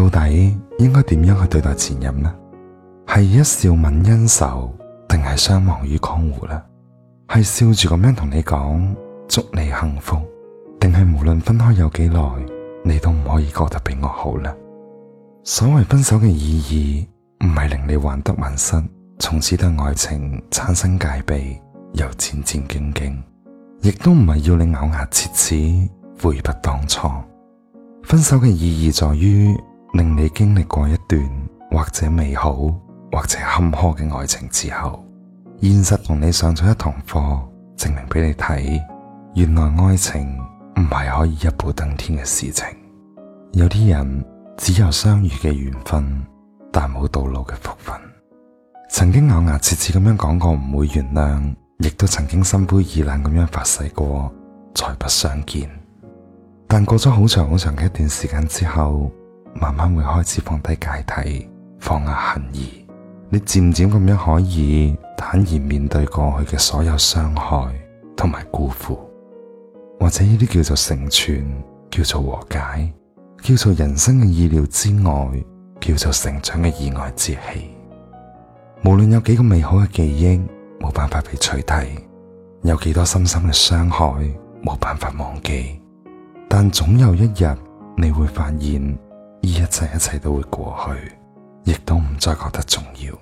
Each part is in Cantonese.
到底應該點樣去對待前任呢？係一笑泯恩仇，定係相忘於江湖呢？係笑住咁樣同你講祝你幸福，定係無論分開有幾耐，你都唔可以過得比我好呢？所謂分手嘅意義，唔係令你患得患失，從此對愛情產生戒備又戰戰兢兢，亦都唔係要你咬牙切齒悔不當初。分手嘅意義在於。令你經歷過一段或者美好或者坎坷嘅愛情之後，現實同你上咗一堂課，證明俾你睇，原來愛情唔係可以一步登天嘅事情。有啲人只有相遇嘅緣分，但冇到老嘅福分。曾經咬牙切齒咁樣講過唔會原諒，亦都曾經心灰意冷咁樣發誓過再不相見。但過咗好長好長嘅一段時間之後。慢慢會開始放低芥蒂，放下恨意，你漸漸咁樣可以坦然面對過去嘅所有傷害同埋辜負，或者呢啲叫做成全，叫做和解，叫做人生嘅意料之外，叫做成長嘅意外之喜。無論有幾咁美好嘅記憶，冇辦法被取締；有幾多深深嘅傷害，冇辦法忘記。但總有一日你會發現。而一切一切都會過去，亦都唔再覺得重要。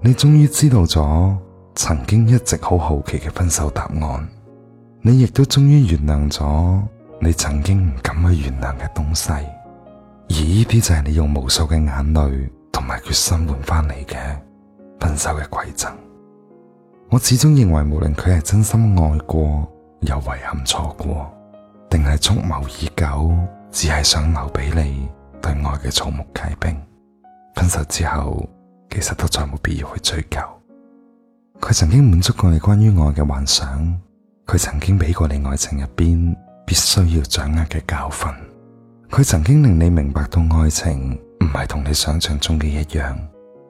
你終於知道咗曾經一直好好奇嘅分手答案，你亦都終於原諒咗你曾經唔敢去原諒嘅東西。而呢啲就係你用無數嘅眼淚同埋決心換翻嚟嘅分手嘅饋贈。我始終認為，無論佢係真心愛過又遺憾錯過，定係蓄謀已久，只係想留俾你對愛嘅草木皆兵，分手之後其實都再冇必要去追究。佢曾經滿足過你關於愛嘅幻想，佢曾經俾過你愛情入邊必須要掌握嘅教訓，佢曾經令你明白到愛情唔係同你想象中嘅一樣，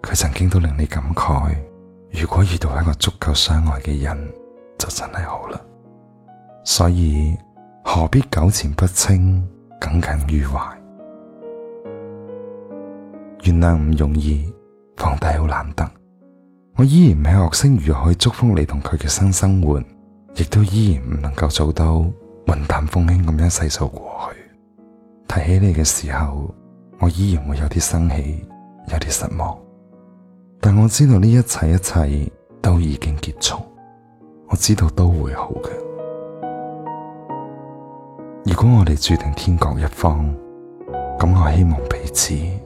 佢曾經都令你感慨，如果遇到一個足夠相愛嘅人，就真係好啦。所以何必糾纏不清，耿耿於懷？原諒唔容易，放低好難得。我依然唔係學識如何去祝福你同佢嘅新生活，亦都依然唔能夠做到雲淡風輕咁樣細數過去。提起你嘅時候，我依然會有啲生氣，有啲失望。但我知道呢一切一切都已經結束，我知道都會好嘅。如果我哋注定天各一方，咁我希望彼此。